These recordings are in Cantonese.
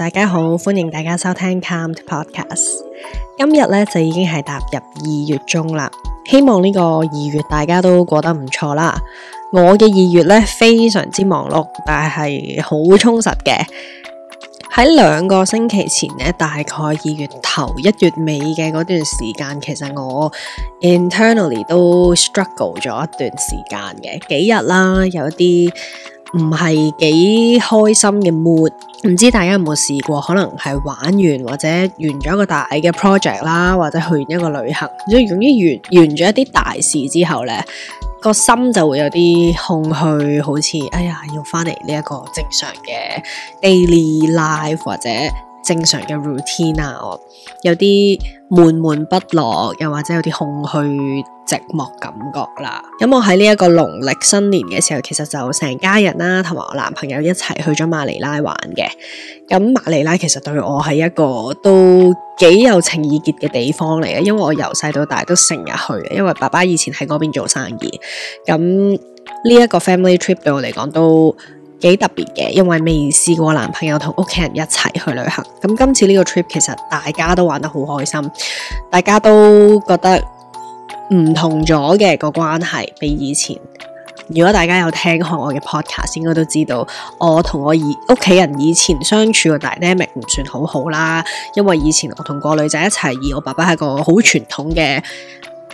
大家好，歡迎大家收聽 Calmed Podcast。今日咧，就已經係踏入二月中啦，希望呢個二月大家都過得唔錯啦。我嘅二月咧非常之忙碌，但係好充實嘅。喺兩個星期前咧，大概二月頭一月尾嘅嗰段時間，其實我 internally 都 struggle 咗一段時間嘅幾日啦，有啲。唔係幾開心嘅 mood，唔知大家有冇試過？可能係玩完或者完咗一個大嘅 project 啦，或者去完一個旅行，即係等於完完咗一啲大事之後呢個心就會有啲空虛，好似哎呀要翻嚟呢一個正常嘅 daily life 或者正常嘅 routine 啊，我有啲悶悶不樂，又或者有啲空虛。.寂寞感覺啦。咁我喺呢一個農曆新年嘅時候，其實就成家人啦、啊，同埋我男朋友一齊去咗馬尼拉玩嘅。咁馬尼拉其實對我係一個都幾有情意結嘅地方嚟嘅，因為我由細到大都成日去嘅。因為爸爸以前喺嗰邊做生意。咁呢一個 family trip 對我嚟講都幾特別嘅，因為未試過男朋友同屋企人一齊去旅行。咁今次呢個 trip 其實大家都玩得好開心，大家都覺得。唔同咗嘅個關係，比以前。如果大家有聽開我嘅 podcast，應該都知道我同我以屋企人以前相處嘅 dynamic 唔算好好啦，因為以前我同個女仔一齊，而我爸爸係個好傳統嘅。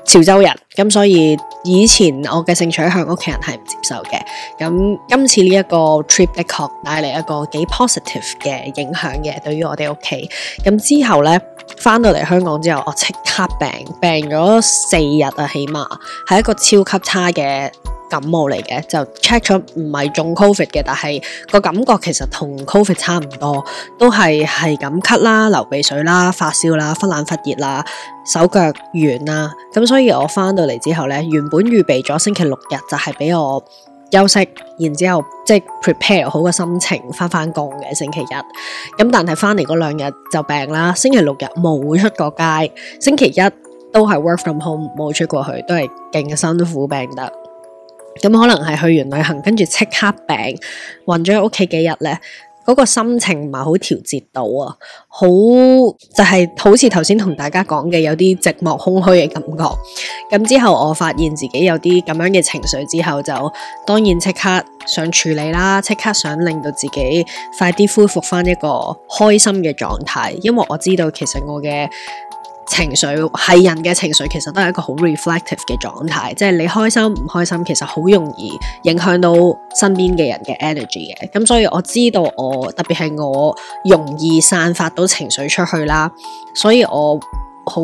潮州人，咁所以以前我嘅性取向屋企人係唔接受嘅。咁今次呢一個 trip 的確帶嚟一個幾 positive 嘅影響嘅，對於我哋屋企。咁之後呢，返到嚟香港之後，我即刻病病咗四日啊，起碼，起碼係一個超級差嘅。感冒嚟嘅就 check 咗，唔係中 covid 嘅，但係個感覺其實同 covid 差唔多，都係係咁咳啦、流鼻水啦、發燒啦、忽冷忽熱啦、手腳軟啦。咁所以我翻到嚟之後呢，原本預備咗星期六日就係俾我休息，然之後即係 prepare 好個心情翻返工嘅星期一。咁但係翻嚟嗰兩日就病啦。星期六日冇出過街，星期一都係 work from home 冇出過去，都係勁辛苦病得。咁可能係去完旅行，跟住即刻病，暈咗喺屋企幾日咧，嗰個心情唔係好調節到啊，好就係好似頭先同大家講嘅，有啲寂寞空虛嘅感覺。咁之後我發現自己有啲咁樣嘅情緒之後，就當然即刻想處理啦，即刻想令到自己快啲恢復翻一個開心嘅狀態，因為我知道其實我嘅。情緒係人嘅情緒，其實都係一個好 reflective 嘅狀態，即係你開心唔開心，其實好容易影響到身邊嘅人嘅 energy 嘅。咁所以我知道我特別係我容易散發到情緒出去啦，所以我好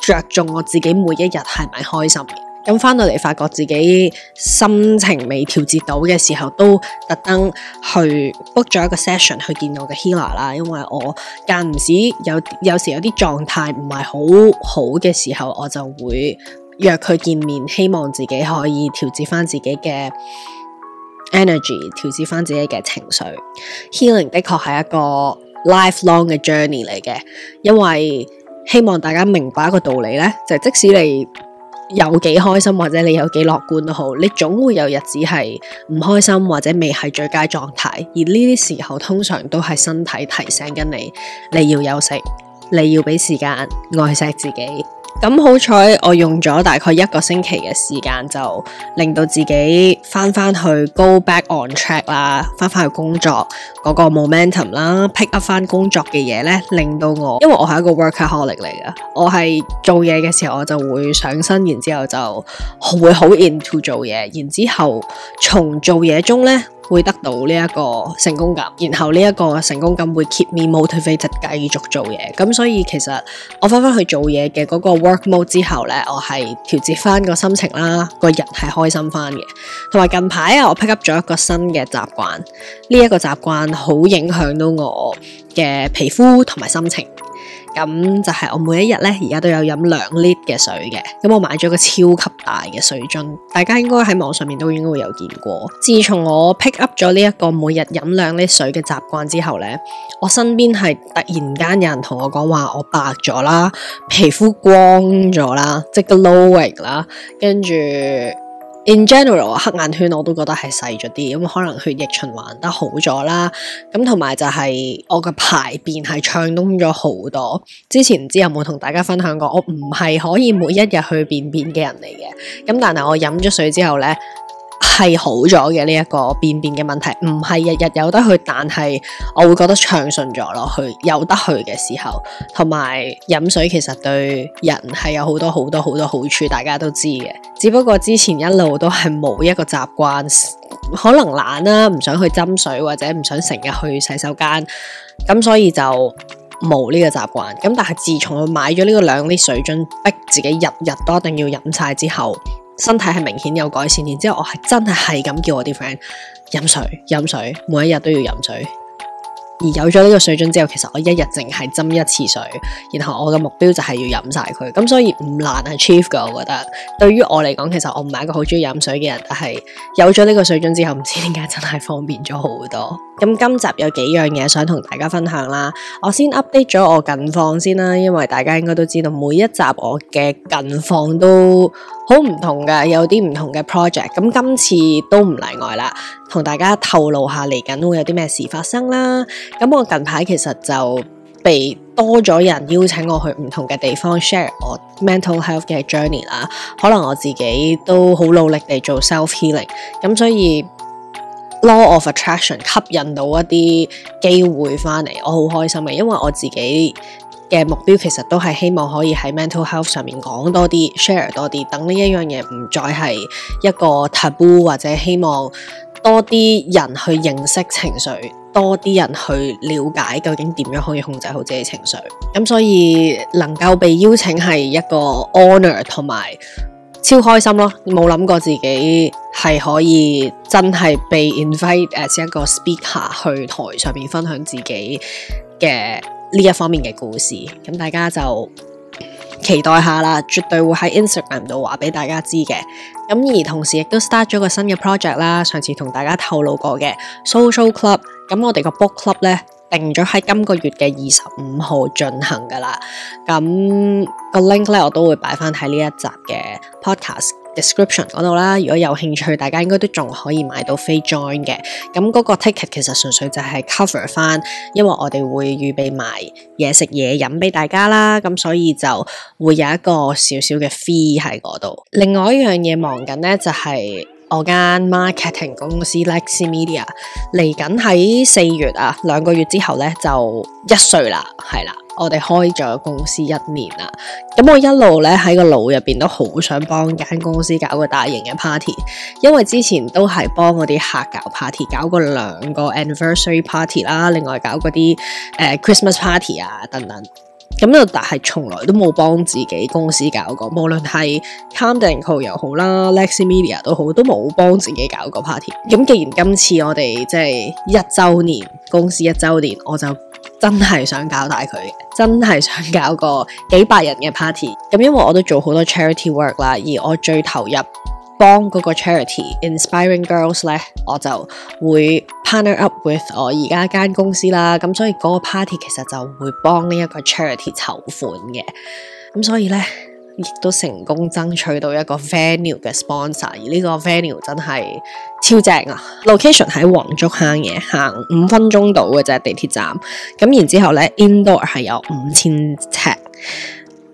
着重我自己每一日係咪開心嘅。咁翻到嚟，發覺自己心情未調節到嘅時候，都特登去 book 咗一個 session 去見我嘅 Healer 啦。因為我間唔時有有時有啲狀態唔係好好嘅時候，我就會約佢見面，希望自己可以調節翻自己嘅 energy，調節翻自己嘅情緒。Healing 的確係一個 lifelong 嘅 journey 嚟嘅，因為希望大家明白一個道理咧，就係即使你有幾開心或者你有幾樂觀都好，你總會有日子係唔開心或者未係最佳狀態，而呢啲時候通常都係身體提醒緊你，你要休息，你要俾時間愛惜自己。咁好彩，我用咗大概一個星期嘅時間，就令到自己翻翻去 go back on track 啦，翻翻去工作嗰、那個 momentum 啦，pick up 翻工作嘅嘢咧，令到我，因為我係一個 workaholic、ah、嚟㗎，我係做嘢嘅時候，我就會上身，然之後就會好 into 做嘢，然之後從做嘢中咧。會得到呢一個成功感，然後呢一個成功感會 keep me motivated 繼續做嘢，咁所以其實我翻翻去做嘢嘅嗰個 work mode 之後呢，我係調節翻個心情啦，個人係開心翻嘅，同埋近排啊，我 pick up 咗一個新嘅習慣，呢一個習慣好影響到我嘅皮膚同埋心情。咁就係我每一日咧，而家都有飲兩 lit 嘅水嘅。咁我買咗個超級大嘅水樽，大家應該喺網上面都應該會有見過。自從我 pick up 咗呢一個每日飲兩 lit 水嘅習慣之後呢，我身邊係突然間有人同我講話，我白咗啦，皮膚光咗啦，嗯、即係個 glow 啦，跟住。In general，黑眼圈我都覺得係細咗啲，因為可能血液循環得好咗啦。咁同埋就係我嘅排便係暢通咗好多。之前唔知有冇同大家分享過，我唔係可以每一日去便便嘅人嚟嘅。咁但係我飲咗水之後呢，係好咗嘅呢一個便便嘅問題，唔係日日有得去，但係我會覺得暢順咗落去。有得去嘅時候，同埋飲水其實對人係有好多好多好多好處，大家都知嘅。只不過之前一路都係冇一個習慣，可能懶啦，唔想去斟水或者唔想成日去洗手間，咁所以就冇呢個習慣。咁但係自從我買咗呢個兩啲水樽，逼自己日日都一定要飲晒之後。身體係明顯有改善，然之後我係真係係咁叫我啲 friend 飲水飲水，每一日都要飲水。而有咗呢個水樽之後，其實我一日淨係斟一次水，然後我嘅目標就係要飲晒佢咁，所以唔難係 Achieve 噶。我覺得對於我嚟講，其實我唔係一個好中意飲水嘅人，但係有咗呢個水樽之後，唔知點解真係方便咗好多。咁今集有幾樣嘢想同大家分享啦。我先 update 咗我近況先啦，因為大家應該都知道每一集我嘅近況都。好唔同噶，有啲唔同嘅 project，咁今次都唔例外啦，同大家透露下嚟緊會有啲咩事發生啦。咁我近排其實就被多咗人邀請我去唔同嘅地方 share 我 mental health 嘅 journey 啦，可能我自己都好努力地做 self healing，咁所以 law of attraction 吸引到一啲機會翻嚟，我好開心嘅，因為我自己。嘅目標其實都係希望可以喺 mental health 上面講多啲，share 多啲，等呢一樣嘢唔再係一個 taboo，或者希望多啲人去認識情緒，多啲人去了解究竟點樣可以控制好自己情緒。咁所以能夠被邀請係一個 honor，同埋超開心咯！冇諗過自己係可以真係被 invite as 一個 speaker 去台上面分享自己嘅呢一方面嘅故事，咁大家就期待下啦，絕對會喺 Instagram 度話俾大家知嘅。咁而同時亦都 start 咗個新嘅 project 啦，上次同大家透露過嘅 Sole Soul Club，咁我哋個 book club 咧，定咗喺今個月嘅二十五號進行噶啦。咁個 link 咧，我都會擺翻喺呢一集嘅 podcast description 嗰度啦，如果有興趣，大家應該都仲可以買到飛 join 嘅。咁嗰個 ticket 其實純粹就係 cover 翻，因為我哋會預備埋嘢食嘢飲俾大家啦。咁所以就會有一個小小嘅 fee 喺嗰度。另外一樣嘢忙緊咧，就係、是、我間 marketing 公司 Lexemedia 嚟緊喺四月啊，兩個月之後咧就一歲啦，係啦。我哋開咗公司一年啦，咁我一路咧喺個腦入邊都好想幫間公司搞個大型嘅 party，因為之前都係幫我啲客搞 party，搞過兩個 anniversary party 啦，另外搞嗰啲誒 Christmas party 啊等等。咁就但係從來都冇幫自己公司搞過，無論係 Calmed & Co 又好啦，Lexemedia 都好，都冇幫自己搞過 party。咁既然今次我哋即係一周年公司一周年，我就，真係想搞大佢嘅，真係想搞個幾百人嘅 party，嗯。咁因為我都做好多 charity work 啦，而我最投入幫嗰個 charity Inspiring Girls 咧，我就會 partner up with 我而家間公司啦。咁、嗯、所以嗰個 party 其實就會幫呢一個 charity 籌款嘅。咁、嗯、所以咧。亦都成功爭取到一個 venue 嘅 sponsor，而呢個 venue 真係超正啊！location 喺黃竹坑嘅，行五分鐘到嘅啫，地鐵站。咁然之後咧，indoor 係有五千尺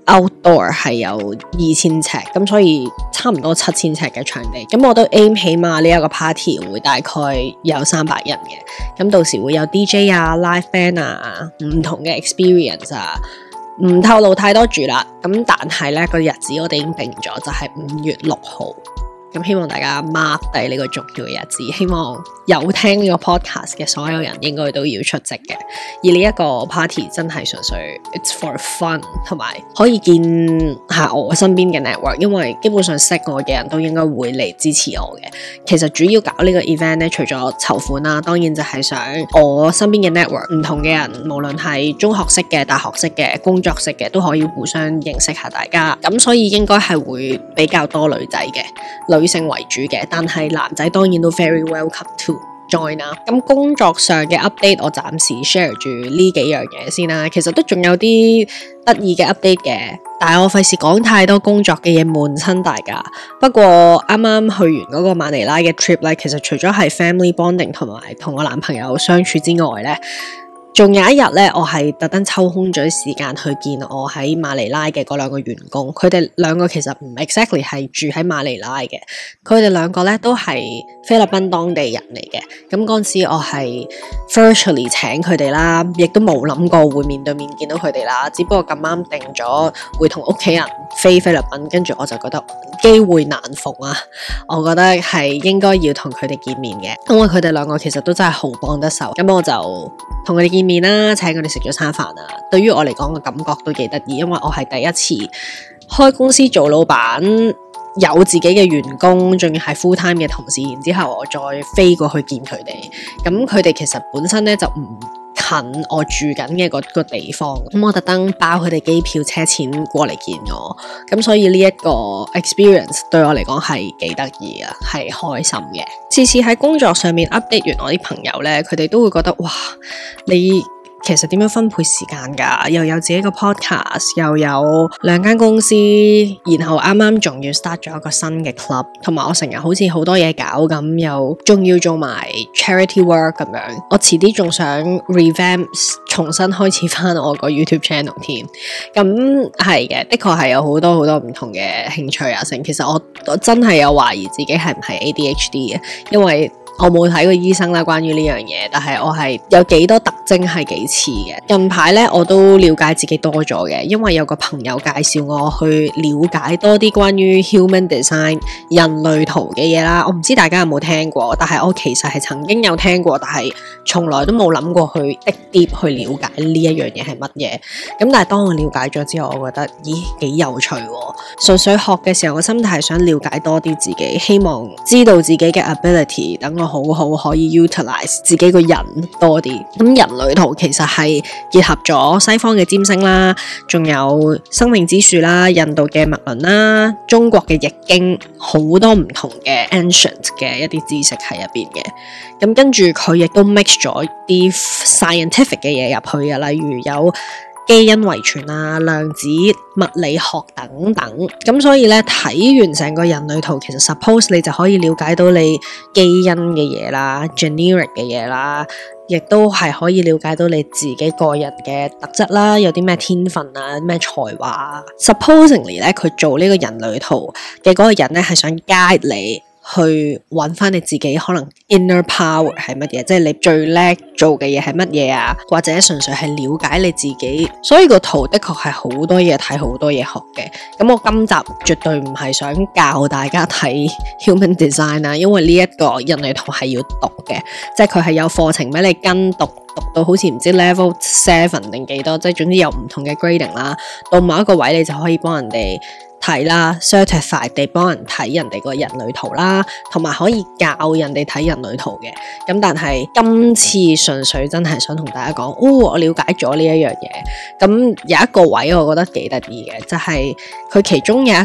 ，outdoor 係有二千尺，咁所以差唔多七千尺嘅場地。咁我都 aim 起碼呢一個 party 會大概有三百人嘅。咁到時會有 DJ 啊、live band 啊、唔同嘅 experience 啊。唔透露太多住啦，咁但係呢個日子我哋已經定咗，就係、是、五月六號。咁希望大家 mark 第呢個重要嘅日子，希望有聽呢個 podcast 嘅所有人應該都要出席嘅。而呢一個 party 真係純粹，it's for fun，同埋可以見下我身邊嘅 network，因為基本上識我嘅人都應該會嚟支持我嘅。其實主要搞個呢個 event 咧，除咗籌款啦、啊，當然就係想我身邊嘅 network，唔同嘅人，無論係中學識嘅、大學識嘅、工作識嘅，都可以互相認識下大家。咁所以應該係會比較多女仔嘅女。女性為主嘅，但係男仔當然都 very welcome to join 啦。咁工作上嘅 update 我暫時 share 住呢幾樣嘢先啦，其實都仲有啲得意嘅 update 嘅，但係我費事講太多工作嘅嘢悶親大家。不過啱啱去完嗰個馬尼拉嘅 trip 咧，其實除咗係 family bonding 同埋同我男朋友相處之外咧，仲有一日咧，我係特登抽空咗時間去見我喺馬尼拉嘅嗰兩個員工，佢哋兩個其實唔 exactly 係住喺馬尼拉嘅，佢哋兩個咧都係菲律賓當地人嚟嘅，咁陣時我係 virtually 請佢哋啦，亦都冇諗過會面對面見到佢哋啦，只不過咁啱定咗會同屋企人飛菲律賓，跟住我就覺得機會難逢啊，我覺得係應該要同佢哋見面嘅，因為佢哋兩個其實都真係好幫得手，咁我就同佢哋見。面啦，請我哋食咗餐飯啊，對於我嚟講嘅感覺都幾得意，因為我係第一次開公司做老闆，有自己嘅員工，仲要係 full time 嘅同事，然之後我再飛過去見佢哋，咁佢哋其實本身咧就唔近我住緊嘅個地方，咁我特登包佢哋機票車錢過嚟見我，咁所以呢一個 experience 對我嚟講係幾得意啊，係開心嘅。次次喺工作上面 update 完，完我啲朋友咧，佢哋都會覺得哇，你。其實點樣分配時間噶？又有自己個 podcast，又有兩間公司，然後啱啱仲要 start 咗一個新嘅 club，同埋我成日好似好多嘢搞咁，又仲要做埋 charity work 咁樣。我遲啲仲想 revamp 重新開始翻我個 YouTube channel 添。咁係嘅，的確係有好多好多唔同嘅興趣啊，成其實我我真係有懷疑自己係唔係 ADHD 嘅，因為。我冇睇過醫生啦，關於呢樣嘢，但係我係有幾多特徵係幾似嘅。近排呢，我都了解自己多咗嘅，因為有個朋友介紹我去了解多啲關於 human design 人類圖嘅嘢啦。我唔知大家有冇聽過，但係我其實係曾經有聽過，但係從來都冇諗過去 deep dive 去了解呢一樣嘢係乜嘢。咁但係當我了解咗之後，我覺得咦幾有趣喎！純粹學嘅時候我心態係想了解多啲自己，希望知道自己嘅 ability，等我。好好可以 utilise 自己個人多啲。咁人類圖其實係結合咗西方嘅占星啦，仲有生命之樹啦、印度嘅脈輪啦、中國嘅易經，好多唔同嘅 ancient 嘅一啲知識喺入邊嘅。咁跟住佢亦都 mix 咗啲 scientific 嘅嘢入去嘅，例如有，基因遺傳啊，量子物理學等等，咁所以咧，睇完成個人類圖，其實 suppose 你就可以了解到你基因嘅嘢啦，generic 嘅嘢啦，亦都係可以了解到你自己個人嘅特質啦，有啲咩天分啊，咩才華啊。Supposingly 咧，佢做呢個人類圖嘅嗰個人咧，係想 guide 你。去揾翻你自己可能 inner power 係乜嘢，即係你最叻做嘅嘢係乜嘢啊？或者純粹係了解你自己。所以個圖的確係好多嘢睇，好多嘢學嘅。咁我今集絕對唔係想教大家睇 human design 啊，因為呢一個人類圖係要讀嘅，即係佢係有課程俾你跟讀，讀到好似唔知 level seven 定幾多，即係總之有唔同嘅 grading 啦。到某一個位你就可以幫人哋。睇啦，certify 地幫人睇人哋個人類圖啦，同埋可以教人哋睇人類圖嘅。咁但係今次純粹真係想同大家講，哦，我了解咗呢一樣嘢。咁有一個位我覺得幾得意嘅，就係佢其中有一。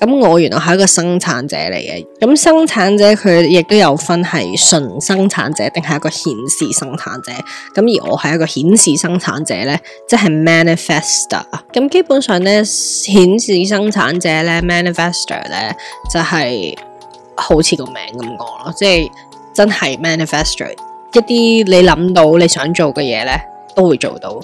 咁我原來係一個生產者嚟嘅，咁生產者佢亦都有分係純生產者定係一個顯示生產者，咁而我係一個顯示生產者咧，即係 manifestor。咁基本上咧，顯示生產者咧，manifestor 咧，就係好似個名咁講咯，即係真係 manifest 一啲你諗到你想做嘅嘢咧，都會做到。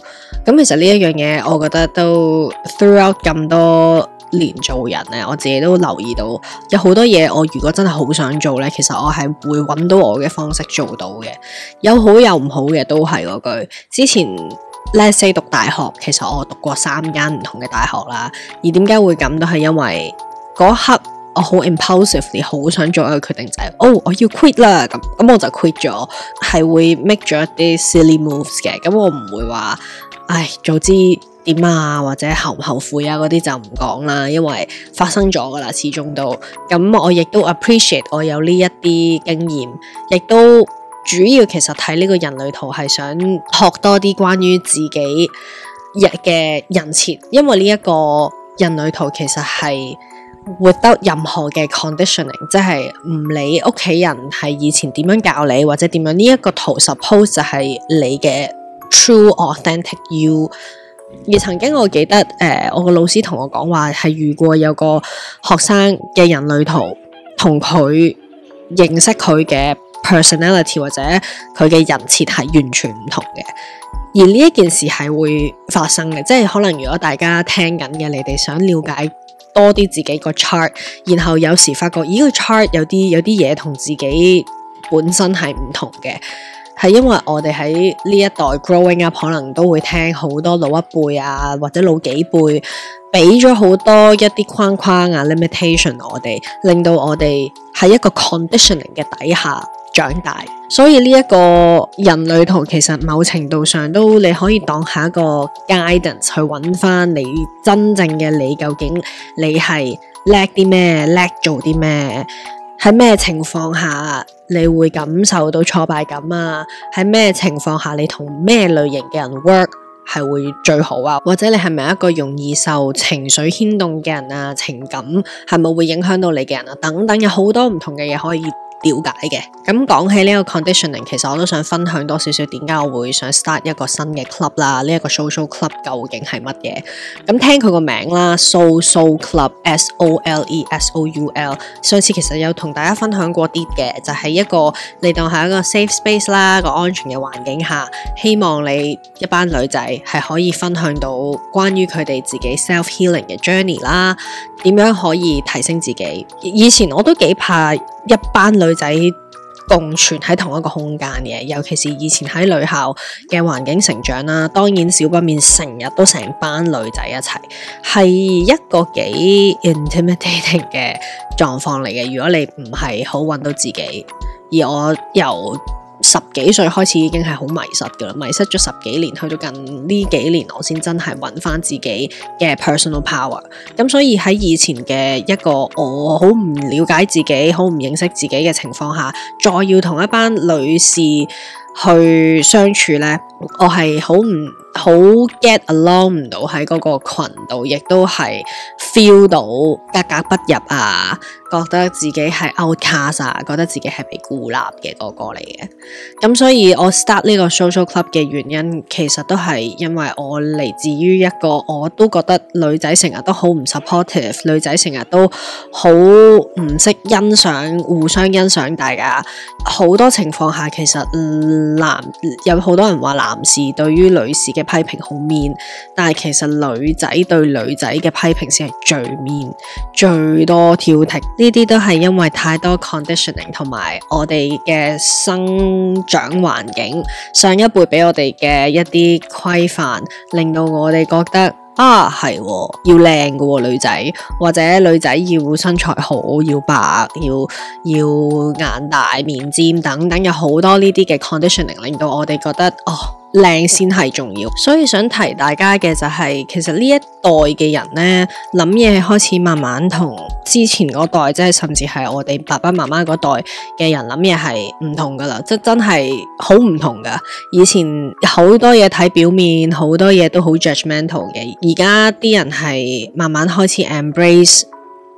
咁其實呢一樣嘢，我覺得都 throughout 咁多年做人咧，我自己都留意到有好多嘢。我如果真係好想做咧，其實我係會揾到我嘅方式做到嘅。有好有唔好嘅都係嗰句。之前 let's say 讀大學，其實我讀過三間唔同嘅大學啦。而點解會咁都係因為嗰刻我好 impulsively 好想做一個決定，就係，就係哦我要 quit 啦咁，咁我就 quit 咗，係會 make 咗一啲 silly moves 嘅。咁我唔會話。唉，早知點啊，或者後唔後悔啊，嗰啲就唔講啦，因為發生咗噶啦，始終都咁，我亦都 appreciate 我有呢一啲經驗，亦都主要其實睇呢個人類圖係想學多啲關於自己日嘅人設，因為呢一個人類圖其實係 without any 嘅 conditioning，即係唔理屋企人係以前點樣教你或者點樣，呢一個圖 suppose 就係你嘅。True authentic you。而曾經我記得誒、呃，我個老師同我講話係，遇過有個學生嘅人類圖同佢認識佢嘅 personality 或者佢嘅人設係完全唔同嘅。而呢一件事係會發生嘅，即係可能如果大家聽緊嘅，你哋想了解多啲自己個 chart，然後有時發覺咦、這個 chart 有啲有啲嘢同自己本身係唔同嘅。係因為我哋喺呢一代 growing up，可能都會聽好多老一輩啊，或者老幾輩俾咗好多一啲框框啊、limitation 我哋，令到我哋喺一個 conditioning 嘅底下長大。所以呢一個人類圖其實某程度上都你可以當下一個 guidance 去揾翻你真正嘅你，究竟你係叻啲咩，叻做啲咩。喺咩情況下你會感受到挫敗感啊？喺咩情況下你同咩類型嘅人 work 係會最好啊？或者你係咪一個容易受情緒牽動嘅人啊？情感係咪會影響到你嘅人啊？等等有好多唔同嘅嘢可以。了解嘅，咁講起呢個 conditioning，其實我都想分享多少少點解我會想 start 一個新嘅 club 啦，呢一個 social club 究竟係乜嘢？咁聽佢個名啦，Sole Soul club，s o l e s o u l。E s o、u l, 上次其實有同大家分享過啲嘅，就係、是、一個你當係一個 safe space 啦，個安全嘅環境下，希望你一班女仔係可以分享到關於佢哋自己 self healing 嘅 journey 啦，點樣可以提升自己。以前我都幾怕。一班女仔共存喺同一個空間嘅，尤其是以前喺女校嘅環境成長啦。當然少不免成日都成班女仔一齊，係一個幾 intimidating 嘅狀況嚟嘅。如果你唔係好揾到自己，而我又。十幾歲開始已經係好迷失噶啦，迷失咗十幾年，去到近呢幾年，我先真係揾翻自己嘅 personal power。咁所以喺以前嘅一個我好唔了解自己，好唔認識自己嘅情況下，再要同一班女士去相處呢，我係好唔。好 get along 唔到喺嗰個羣度，亦都係 feel 到格格不入啊，覺得自己係 outcast 啊，覺得自己係被孤立嘅個個嚟嘅。咁所以我 start 呢個 social club 嘅原因，其實都係因為我嚟自於一個我都覺得女仔成日都好唔 supportive，女仔成日都好唔識欣賞互相欣賞大家，好多情況下，其實男有好多人話男士對於女士嘅批評好面，但係其實女仔對女仔嘅批評先係最面、最多挑剔。呢啲都係因為太多 conditioning 同埋我哋嘅生長環境、上一輩俾我哋嘅一啲規範，令到我哋覺得啊，係、哦、要靚嘅、哦、女仔，或者女仔要身材好、要白、要要眼大、面尖等等，有好多呢啲嘅 conditioning，令到我哋覺得哦。靚先係重要，所以想提大家嘅就係、是，其實呢一代嘅人咧諗嘢開始慢慢同之前嗰代，即係甚至係我哋爸爸媽媽嗰代嘅人諗嘢係唔同噶啦，即真係好唔同噶。以前好多嘢睇表面，好多嘢都好 j u d g m e n t a l 嘅，而家啲人係慢慢開始 embrace。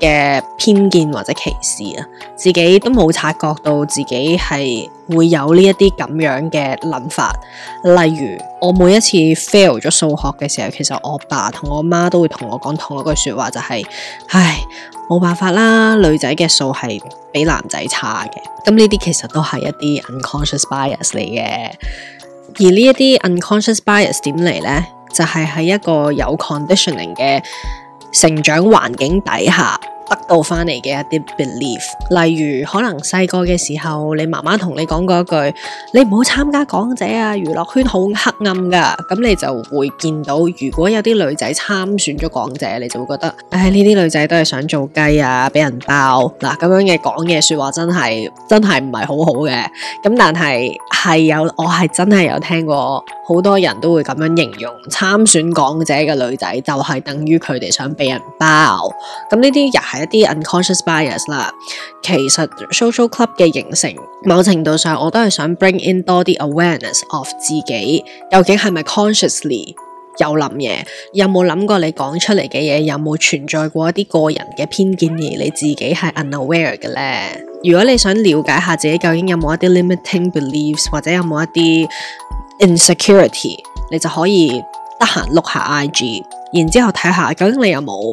嘅偏見或者歧視啊，自己都冇察覺到自己係會有呢一啲咁樣嘅諗法。例如，我每一次 fail 咗數學嘅時候，其實我爸同我媽都會同我講同一句説話，就係，唉，冇辦法啦，女仔嘅數係比男仔差嘅。咁呢啲其實都係一啲 unconscious bias 嚟嘅。而呢一啲 unconscious bias 點嚟呢？就係喺一個有 conditioning 嘅。成長環境底下。得到翻嚟嘅一啲 belief，例如可能細個嘅時候，你媽媽同你講過一句，你唔好參加港姐啊，娛樂圈好黑暗噶。咁你就會見到，如果有啲女仔參選咗港姐，你就會覺得，誒呢啲女仔都係想做雞啊，俾人包嗱咁、啊、樣嘅講嘢說話真，真係真係唔係好好嘅。咁但係係有，我係真係有聽過，好多人都會咁樣形容參選港姐嘅女仔，就係等於佢哋想俾人包。咁呢啲係一啲 unconscious bias 啦。其實 Sole Soul Club 嘅形成，某程度上我都係想 bring in 多啲 awareness of 自己，究竟係咪 consciously 有諗嘢，有冇諗過你講出嚟嘅嘢，有冇存在過一啲個人嘅偏見而你自己係 unaware 嘅咧？如果你想了解下自己究竟有冇一啲 limiting beliefs 或者有冇一啲 insecurity，你就可以得閒 look 下 IG，然之後睇下究竟你有冇。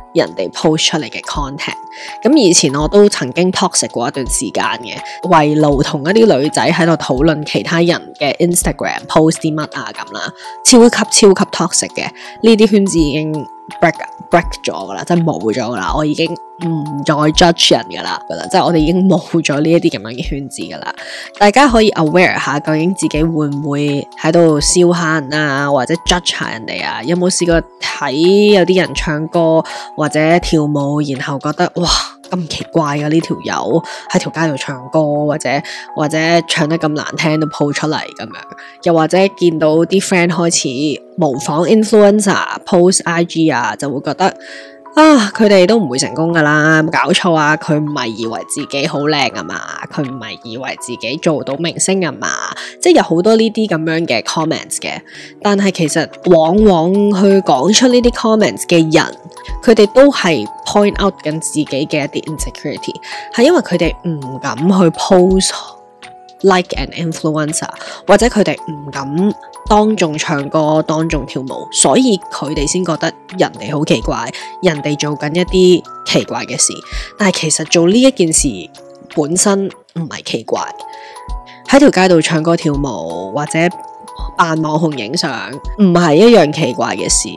人哋 post 出嚟嘅 content，咁以前我都曾經 toxic 過一段時間嘅，圍爐同一啲女仔喺度討論其他人嘅 Instagram post 啲乜啊咁啦，超級超級 toxic 嘅。呢啲圈子已經 break break 咗噶啦，即係冇咗噶啦。我已經唔再 judge 人噶啦，噶啦，即係我哋已經冇咗呢一啲咁樣嘅圈子噶啦。大家可以 aware 下究竟自己會唔會喺度笑嚇人啊，或者 judge 下人哋啊？有冇試過睇有啲人唱歌？或者跳舞，然後覺得哇，咁奇怪㗎呢條友喺條街度唱歌，或者或者唱得咁難聽都鋪出嚟咁樣，又或者見到啲 friend 開始模仿 influencer post IG 啊，就會覺得。啊！佢哋都唔會成功噶啦，有冇搞錯啊！佢唔係以為自己好靚啊嘛，佢唔係以為自己做到明星啊嘛，即係有好多呢啲咁樣嘅 comments 嘅。但係其實往往去講出呢啲 comments 嘅人，佢哋都係 point out 緊自己嘅一啲 insecurity，係因為佢哋唔敢去 post Like an influencer，或者佢哋唔敢當眾唱歌、當眾跳舞，所以佢哋先覺得人哋好奇怪，人哋做緊一啲奇怪嘅事。但係其實做呢一件事本身唔係奇怪，喺條街度唱歌跳舞或者扮網紅影相，唔係一樣奇怪嘅事。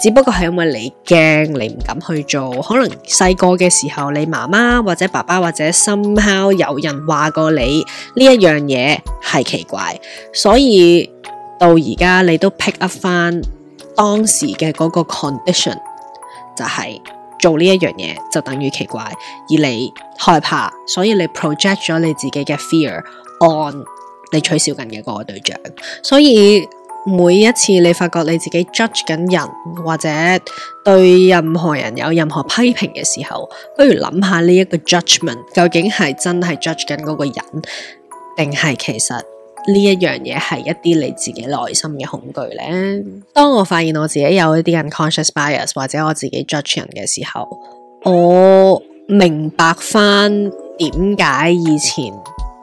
只不過係因為你驚，你唔敢去做。可能細個嘅時候，你媽媽或者爸爸或者 somehow 有人話過你呢一樣嘢係奇怪，所以到而家你都 pick up 翻當時嘅嗰個 condition，就係做呢一樣嘢就等於奇怪，而你害怕，所以你 project 咗你自己嘅 fear on 你取笑緊嘅嗰個對象，所以。每一次你發覺你自己 judge 緊人或者對任何人有任何批評嘅時候，不如諗下呢一個 judgement 究竟係真係 judge 緊嗰個人，定係其實呢一樣嘢係一啲你自己內心嘅恐懼呢？當我發現我自己有一啲 unconscious bias 或者我自己 judge 人嘅時候，我明白翻點解以前。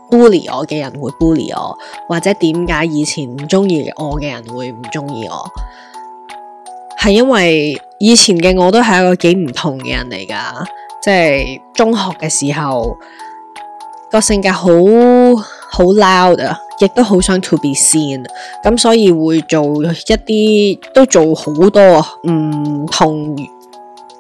bully 我嘅人會 bully 我，或者點解以前唔中意我嘅人會唔中意我？係因為以前嘅我都係一個幾唔同嘅人嚟噶，即係中學嘅時候個性格好好 loud 啊，亦都好想 to be seen，咁所以會做一啲都做好多唔同。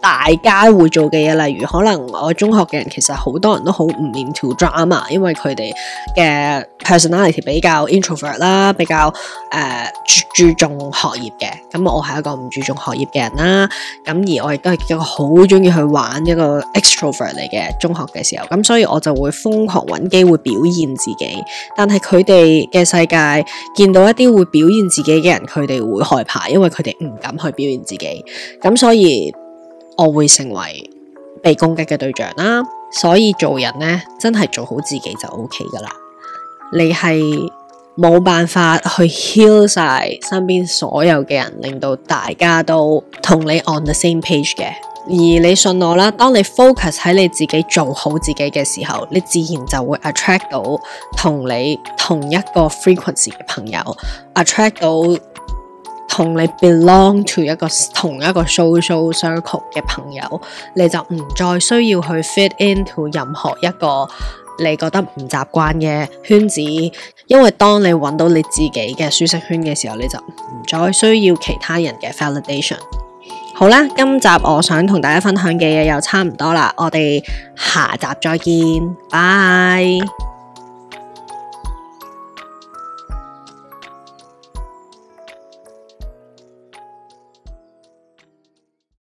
大家會做嘅嘢，例如可能我中學嘅人其實好多人都好唔 into drama，因為佢哋嘅 personality 比較 introvert 啦，比較誒注、uh, 注重學業嘅。咁我係一個唔注重學業嘅人啦。咁而我亦都係一個好鍾意去玩一個 extrovert 嚟嘅，中學嘅時候，咁所以我就會瘋狂揾機會表現自己。但係佢哋嘅世界見到一啲會表現自己嘅人，佢哋會害怕，因為佢哋唔敢去表現自己。咁所以我會成為被攻擊嘅對象啦，所以做人呢，真係做好自己就 OK 㗎喇。你係冇辦法去 heal 晒身邊所有嘅人，令到大家都同你 on the same page 嘅。而你信我啦，當你 focus 喺你自己做好自己嘅時候，你自然就會 attract 到同你同一個 frequency 嘅朋友，attract 到。同你 belong to 一個同一個 social circle 嘅朋友，你就唔再需要去 fit into 任何一個你覺得唔習慣嘅圈子。因為當你揾到你自己嘅舒適圈嘅時候，你就唔再需要其他人嘅 validation。好啦，今集我想同大家分享嘅嘢又差唔多啦，我哋下集再見，拜。